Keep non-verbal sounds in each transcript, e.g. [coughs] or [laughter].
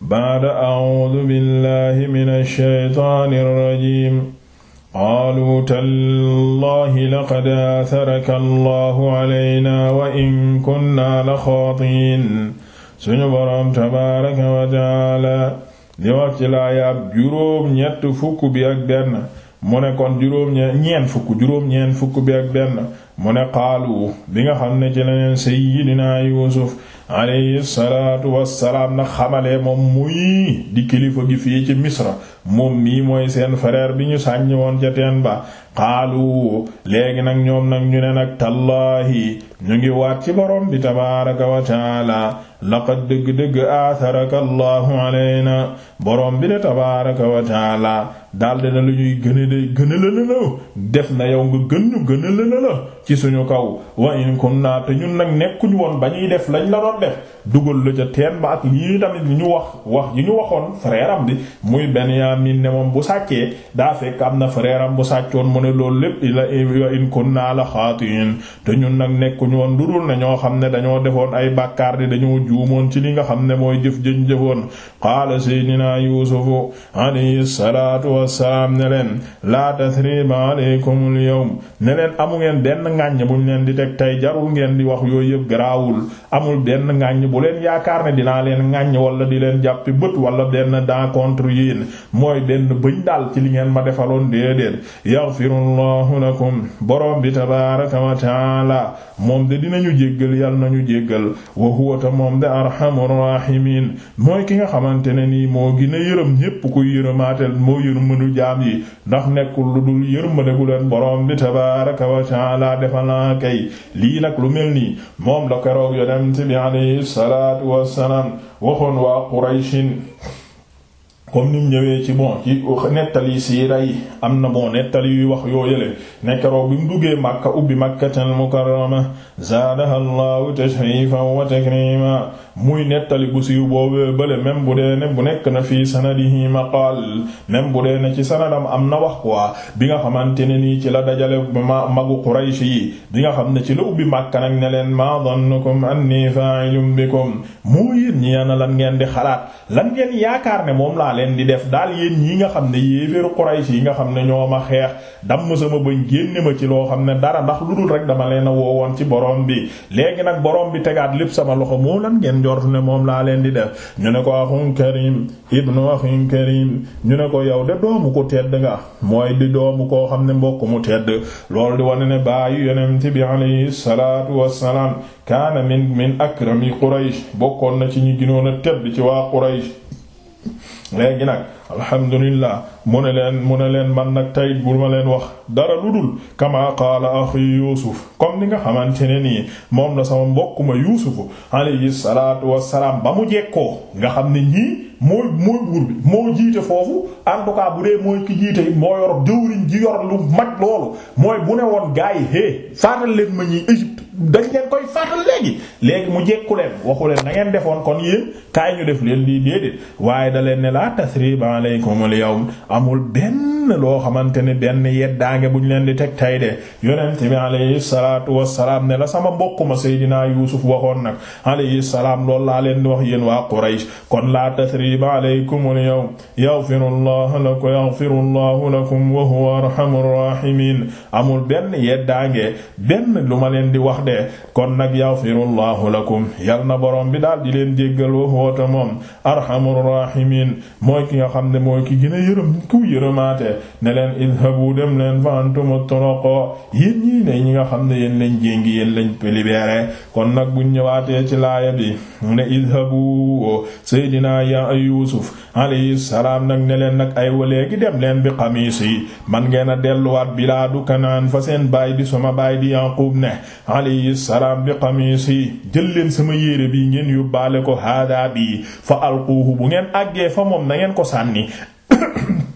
baada acuudu billahi min alshaytaan alrajim qaaluu tallahi laqad aatharaka allahu calayna wa in kunna la xaatiin suñu boroom tabaaraka wa tacaala di wax ci laayaab juróom ñett fukk bi ak benn mu ne kon juróom ñeen fukk juróom ñeen fukk bi ak benn mu ne qaalu bi nga xam ne ci leneen sayyidina Yuusuf alayhi salaatu wassalaam na xamale moom muy di kilifa gi fii ci misra moom mii mooy seen frère bi ñu sànni woon ca teen ba qaalu léegi nag ñoom nag ñu ne nag tallaahi ñu ngi waat ci boroom bi tabaaraka wa taala laqad dëgg-dëgg aatharaka allahu alayna borom bi de tabaaraka wa daldi na lu ñuy gëne de gëna la la def na yow nga gën ñu gëna la la ci suñu kaw wa in kunna te ñun nag nekkuñu woon ba ñuy def lañ la doon def dugal la ca teen ba ak lii tamit li ñu wax wax yi ñu waxoon frère am bi muy Benyamin ne bu sàccee daa fekk am na frère bu sàccoon mu ne loolu lépp la wa in kunna la xaatiin te ñun nag nekkuñu woon lu dul ñoo xam ne dañoo defoon ay bàkkaar di dañoo juumoon ci li nga xam ne mooy jëf jëñ jëfoon qaala seydinaa yuusufu alayhi salaatu wassalaam ne leen laa tasriba alaykum al yawm ne leen amu ngeen benn ngàññ buñ leen di teg tey jarul ngeen di wax yooyu yëpp garaawul amul benn ŋàññ bu leen yaakaar ne dinaa leen ŋàññ wala di leen jàppi bët wala benn dent contre yéen mooy benn bëñ daal ci li ngeen ma defaloon déedéet yaghfirullahu lakum borom bi tabaaraka wa taala moom de dinañu jéggal yàlla nañu jéggal wa huwa moom de arhamur rahimin mooy ki nga xamante ne nii moo gën a yërëm ñépp ku yërëmaatel moo yërëmanu jaam yi ndax nekkul lu dul yërmande gu leen borom bi tabaaraka wa taala defal kay lii nag lu mel nii moom la keroog yonent bi alayhi salaatu wassalaam waxoon waa Qurayshin comme ni mu ci bon ci nettali siira am na bon nettali wax yoo yële nekk roog bi mu Makka ubbi Makkatal zaadaha Allahu tashrifan wa takrima muy nettali bu siiw boobu bale même bu dee ne bu nekk na fii sanadihi maqaal même bu dee ne ci sanadam am na wax quoi bi nga xamante ne nii ci la dajale ma magu Quraysh yi bi nga xam ne ci la ubbi Makka nag ne leen maa ma dannukum anni fa'ilun bikum moo yéen ñi ana lan ngeen di xalaat lan ngeen yaakaar ne moom laa leen di def daal yéen ñii nga xam ne yéeféeru Quraysh yi nga xam ne ñoo ma xeex dam sama bañ génne ma ci loo xam ne dara ndax lu dul rek dama leen a woowoon ci borom bi léegi nag borom bi tegaat lépp sama loxo moo lan ngeen njort ne moom laa leen di def ñu ne ko axun karim ibnu axun karim ñu ne ko yow de doomu ko tedd nga mooy di doomu koo xam ne mbokk mu tedd loolu di wane ne baayu yonent bi alayhi salaatu wassalaam kaana min min akrami quraysh bokkoon na ci ñu ginoon a tedd ci waa quraysh léegi nag alhamdulillah mu ne leen mu ne leen man nag tey bu ma leen wax dara lu dul kama qaala axi yuusuf comme ni nga xamante ne nii moom la sama mbokk ma yuusufu alayhi salaatu wassalaam ba mu jekkoo nga xam ne ñii mooy mooy buur bi moo jiite foofu en bu dee mooy ki jiite moo yor jëwriñ ji yor lu mag loolu mooy bu ne woon gaa yi hé faatal leen ma ñuy Égypte dañ leen koy faatal léegi léegi mu jekku leen waxu leen na ngeen defoon kon yéen kaay ñu def leen da aleykumul yawm amul benn loo xamante ne benn yeddaange buñ leen di teg tay de yonent bi alayhi salaatu wassalaam ne la sama mbokk ma seydinaa yuusuf waxoon nag alayhi salaam loolu laa leen di wax yéen waa quraysh kon laa tasriba aleykumul yawm yaghfiru llahu lakum yaghfiru llahu lakum wa huwa arhamur rahimin amul benn yeddaange benn lu ma leen di wax de kon nag yaghfiru llahu lakum yal borom bi daal di leen jéggal wa huwa moom arhamur rahimin mooy ki nga xam xam ne mooy ki gën a yërëm ku yërëmaate ne leen idhabu dem leen fa antum turaqo yéen ñii ne ñi nga xam ne yéen lañ jéngi yéen lañ libéré kon nag buñ ñëwaatee ci laaya bi ne idhabu sayidina ya yusuf alayhi salaam nag ne leen nag ay waleegi dem leen bi xamiis yi man ngeen a delluwaat bilaadu kanaan fa seen baay di sama baay di yaqub ne alayhi salaam bi xamiis yi jël leen sama yére bi ngeen yóbbaale ko haada bi fa alquhu bu ngeen àggee fa moom ni [coughs]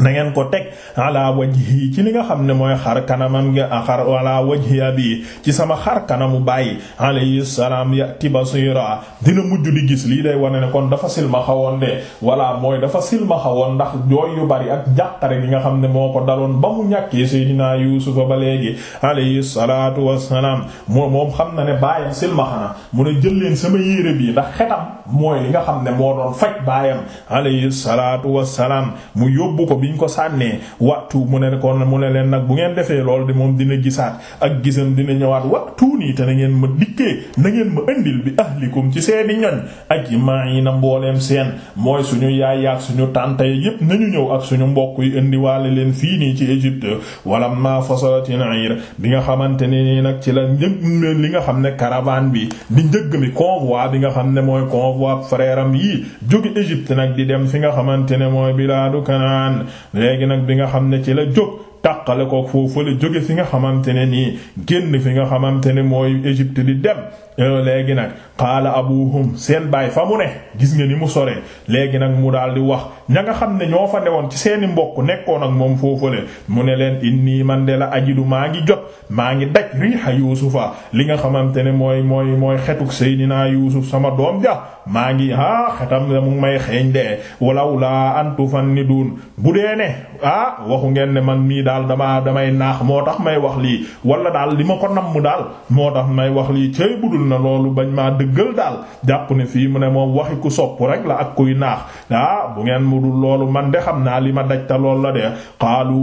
nangeen ko teg ala wajhi ci li nga xam ne mooy xar kanamam nga xar ala wajhi abi ci sama xar kanamu bàyyi alayhi salaam yati basira dina mujj gis lii day wane ne dafa silma xawoon de dafa silma ndax jooy yu bari ak njàqare gi nga xam ne moo ko daloon ba mu ñàkkee seydinaa yuusufa ba léegi alayhi salaatu wassalaam moom xam na ne baayam silmaxa na mu ne jël sama yére bii ndax xetam mooy li nga xam ne moo doon faj baayam alayhi salaatu wassalaam mu yóbbu ko bi biñ ko sànnee waxtu mu ne kon mu ne leen nag bu ngeen defee lool de moom dina gisaat ak gisam dina ñëwaat waxtu nii te na ngeen ma dikkee na ngeen ma indil bi ahlikum ci seeni ñoñ ak yi maa yi na mbooleem seen mooy suñu yaay ak suñu tànta yépp nañu ñëw ak suñu mbokk yi indiwaale leen fii nii ci Égypte wala ma fasalatin ayr bi nga xamante ne nii nag ci la njëg li nga xam ne caravane bi di njëg mi convoi bi nga xam ne mooy convoi frère am yii jóge Égypte nag di dem fi nga xamante ne mooy bilaadu Kanaan léegi nag bi nga xam ne ci la jóg tàqale ko foofu la jóge fi nga xamante ne nii génn fi nga xamante ne mooy Égypte di dem Euh, léegi nag qaala abuhum seen baay fa mu ne gis nga ni mu soree léegi nag mu daal di wax ña nga xam ne ñoo fa woon ci seeni mbokk nekkoon ak moom foofale mu ne leen nii man de la ajidu maa ngi jot maa ngi daj riixa yuusufa li nga xamante ne mooy mooy mooy xetuk seydinaa yuusuf sama doom ja maa ngi ah xetam da mu may xeeñ de walaw laa antu fan ni duun bu dee ne ah waxu ngeen ne man mii daal damaa damay naax moo tax may wax lii wala daal li ma ko namm daal moo tax may wax na loolu bañ maa dëggal daal jàpp ne fii mu ne moom waxi ku sopp rek la ak kuy naax ah bu ngeen mu dul loolu man de xam naa li ma daj ta lool la de xaalu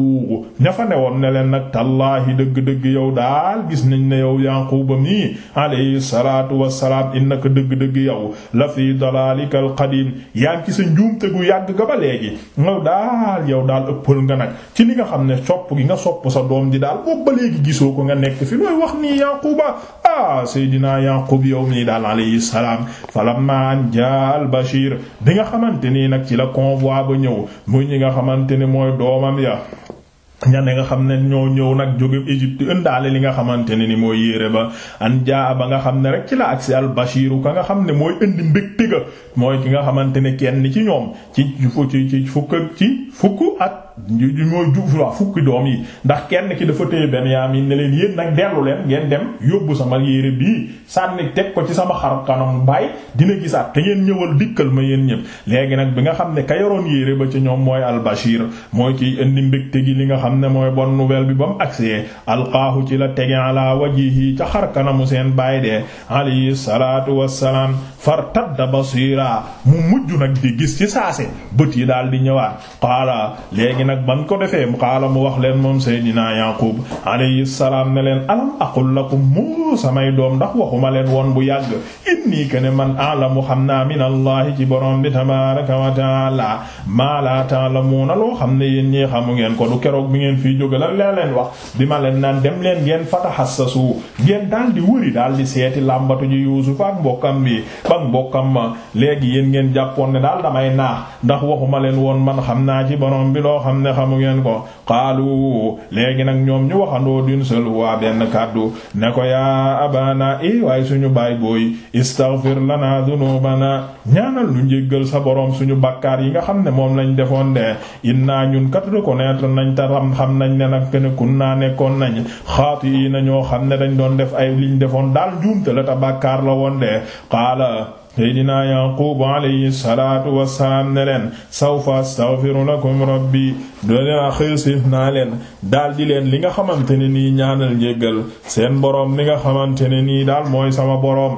ña fa newoon ne leen nag tallaahi dëgg-dëgg yow daal gis nañ ne yow Yaquba mi alayhi salaatu wa wassalaam innaka dëgg-dëgg yow la fi dalaalikal qadim yaa ngi ci sa njuumte gu yàgg ga ba léegi yow daal yow daal ëppal nga nag ci li nga xam ne sopp gi nga sopp sa doom di daal boobu ba léegi gisoo ah Seydina Yaqub yow mii daal alayhi salaam falamma an jaa al Bashir bi nga xamante nii nag ci la convoi ba ñëw muy ñi nga xamante ni mooy doomam ya. ñane nga xam ne ñoo ñëw nag jóge Égypte ëndaale li nga xamante ne ni mooy yére ba an jaa ba nga xam ne rek ci la agsi al ka nga xam ne mooy indi mbégte ga mooy ki nga xamante ne kenn ci ñoom ci ci ci fukk ci fukk ak mooy juuf la fukki doom yi ndax kenn ki dafa téye Benyamin ne leen yéen nag dellu leen ngeen dem yóbbu sama yére bii sànni teg ko ci sama xar kanam baay dina gisaat te ngeen ñëwal dikkal ma yéen ñëpp léegi nag bi nga xam ne ka yoroon yére ba ci ñoom mooy al-Bashir mooy kiy indi te gi li nga xam ne mooy bonne nouvelle bi ba mu agsee alqaahu ci la tege ala wajihi ca xar kanamu seen baay de alayhi salaatu wassalaam fartadda basira mu mujj nag di gis ci saase bët yi daal di ñëwaat gi nag ba mu ko defee mu xaala mu wax leen moom Seydina Yaqub alayhi salaam ne leen alam aqul lakum mu samay doom ndax waxuma leen woon bu yàgg inni kana man a'lamu xam naa min allah ci borom bi tabaaraka wa taala maa laa ta'lamuuna loo xam ne yéen ñii xamu ngeen ko du keroog bi ngeen fiy jóge la leen wax bi ma leen naan dem leen ngeen fatahassasu ngeen daal di wëri daal di seeti làmbatu ji Yuusuf ak mbokkam bi ba mbokkam ma léegi yéen ngeen jàppoon ne daal damay naax ndax waxuma xam ne xamu ngeen ko xaalu léegi nag ñoom ñu waxandoo d'une seule voix benn kàddu ne ko yaa abana i waaye suñu baay booy istaghfir lana dunubana ñaanal lu njéggal sa boroom suñu bakkaar yi nga xam ne moom lañ defoon de naa ñun kat reconnaître nañ ta xam nañ ne nag ken naa nekkoon nañ xaati yi na ñoo xam ne dañ doon def ay liñ defoon daal njuumte la ta bakkaar la woon de xaala seydina yaqub alayhi salaatu wassalaam ne leen sawfa astaghfiru lakum rabbi dona xëysif naa leen daal di leen li nga xamante ne nii ñaanal njéggal seen borom li nga xamante ne nii daal mooy sama boroom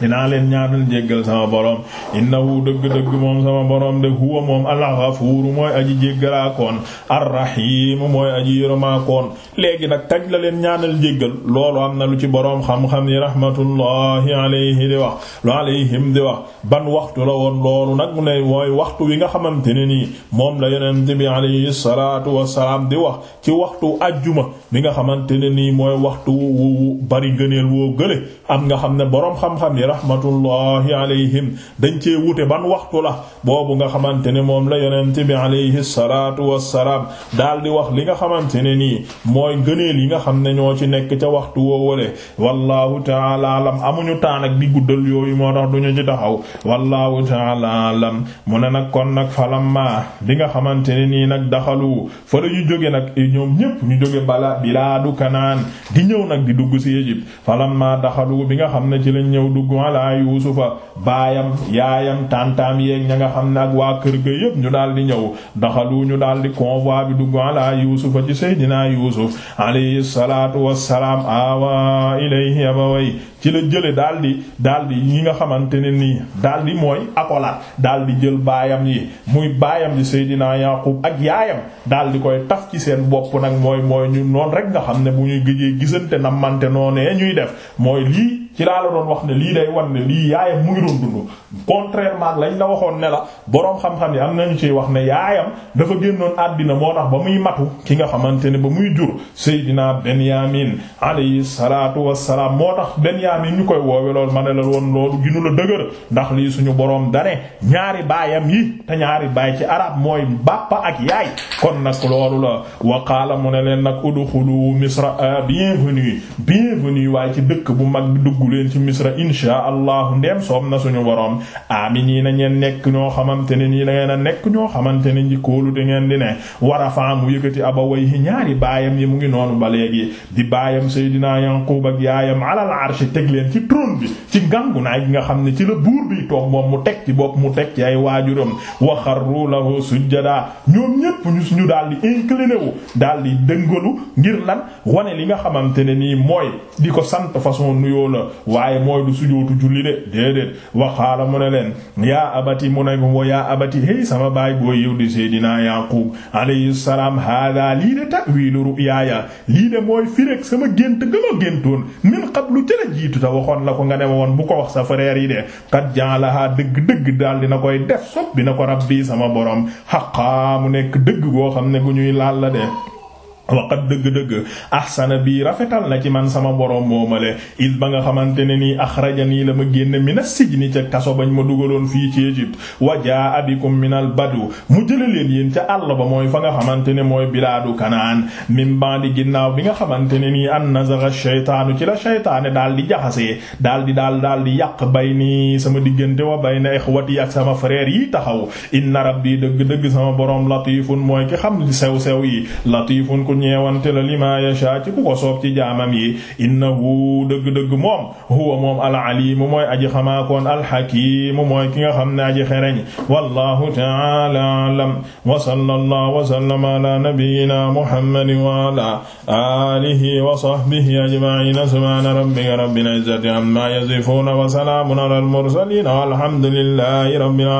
dinaa leen ñaanal jéggal sama borom innahu dëgg-dëgg moom sama borom de huwa moom al-ghafuur mooy aji jéggalaakoon ar-rahiim mooy aji yërëmaakoon léegi nag kañ la leen ñaanal jéggal loolu am na lu ci boroom xam-xam yi rahmatullahi alayhi di wax lu alayhim di wax ban waxtu la woon loolu nag mu ne mooy waxtu wi nga xamante ne nii moom la yonent bi alayhi salaatu wassalaam di wax ci waxtu ajjuma bi nga xamante ne nii mooy waxtu wu bari gëneel woo gële am nga xam ne borom xam yi rahmatullahi alayhim dañ cee wute ban waxtu la boobu nga xamante ne moom la yonent bi alayhi salaatu wassalaam daal di wax li nga xamante ne nii mooy ngëneel yi nga xam ne ñoo ci nekk ca waxtu woowale wallahu taala alam amuñu taan ak di guddal yooyu moo tax duñu ci taxaw wallahu taala alam mu ne nag kon nag falamma bi nga xamante ne nii nag daxalu fa la jóge nag eh, ñoom ñépp ñu jóge bala bilaadu kanaan di ñëw nag di dugg ci Égypte falamma daxalu bi nga yaddu ala baayam yaayam tantaam yeeg ña nga xam ne ak waa kër ga yépp ñu daal di ñëw daxalu ñu daldi di convoi bi dugg ala yuusufa ci seydinaa yuusuf alayhi salaatu wassalaam awa ilayhi abaway ci la jële daal di daal di ñi nga xamante ne nii daal di mooy akolaat daal di jël baayam yi muy baayam di Seydina Yaqub ak yaayam daal di koy taf ci seen bopp nag mooy mooy ñu noonu rek nga xam ne bu ñuy gëjee gisante namante noonee ñuy def mooy lii ci laa la doon wax ne lii day wan ne lii yaayam mu ngi doon dund contrairement lañ la waxoon ne la boroom xam-xam yi am nañu ciy wax ne yaayam dafa génnoon àddina moo tax ba muy matu ki nga xamante ne ba muy jur Seydina Benyamin alayhi salaatu wassalaam moo tax xiyam yi ñu koy woowe loolu ma ne la woon loolu ginu la dëgër ndax lii suñu borom dane ñaari baayam yi te ñaari baay ci arab mooy bàppa ak yaay kon nag loolu la waqaala mu ne leen nag udxulu misra euh, bienvenue bienvenue waaye ci dëkk bu mag bi dugg leen ci misra insha allahu ndeem soom na suñu borom na ñeen nekk ñoo xamante ne nii da ngeen a nekk ñoo xamante ne ñi kóolu te di ne warafaa mu yëkkati abawayhi ñaari baayam yi mu ngi noonu ba léegi di baayam sayidina teg leen ci trône bi ci ngangunaay gi nga xam ne ci la buur bi toog moom mu teg ci bopp mu teg ci ay waajuram wa xarru lahu sujjada ñoom ñépp ñu ñu daal di incliné wu daal di dëngalu ngir lan wane li nga xamante ne nii mooy di ko sant façon nuyoo la waaye mooy du sujootu julli de déedéet wa qaala mu ne leen yaa abati mu ne wa yaa abati hey sama baay boo yow di seydinaa Yaqub alayhi salaam hada lii de ta'wilu ru'yaaya lii de mooy firek jiitu te waxoon la ko nga ne woon bu ko wax sa frère yi de kat jaalaha dëgg-dëgg dal dina koy def bi na ko rab bii sama boroom xaqaa mu nekk dëgg boo xam ne gu ñuy laal la de waqat dëgg-dëgg ahsana bii rafetal na ci man sama borom moomale il ba nga xamante ne nii axrajanii la ma génn mina sijni ca kaso bañ ma dugaloon fii ci Égypte wa jaa abikum minal badu mu jëla leen yéen ca àll ba mooy fa nga xamante ne mooy bilaadu kanaan min ba'di ginnaaw bi nga xamante ne nii an nazagha shaytaanu ci la shaytaane daal di jaxasee daal di daal daal di yàq bay nii sama diggante wa bayna ikhwati ak sama frère yi taxaw inna rabbi dëgg-dëgg sama borom latifun mooy ki xam sew-sew ku ñeewante la lima yasha ci ku ko soob ci jaamam yi innahu dëgg-dëgg moom huwa moom al-alimu mooy aji xamaakoon al-hakimu mooy ki nga xam ne aji xereñ wallahu ta'ala a'lam wa sallallahu wa sallama ala nabiyyina muhammadin wa ala alihi wa sahbihi ajma'in subhana rabbika rabbil izzati amma yasifun wa salamun ala al-mursalin walhamdulillahi rabbil alamin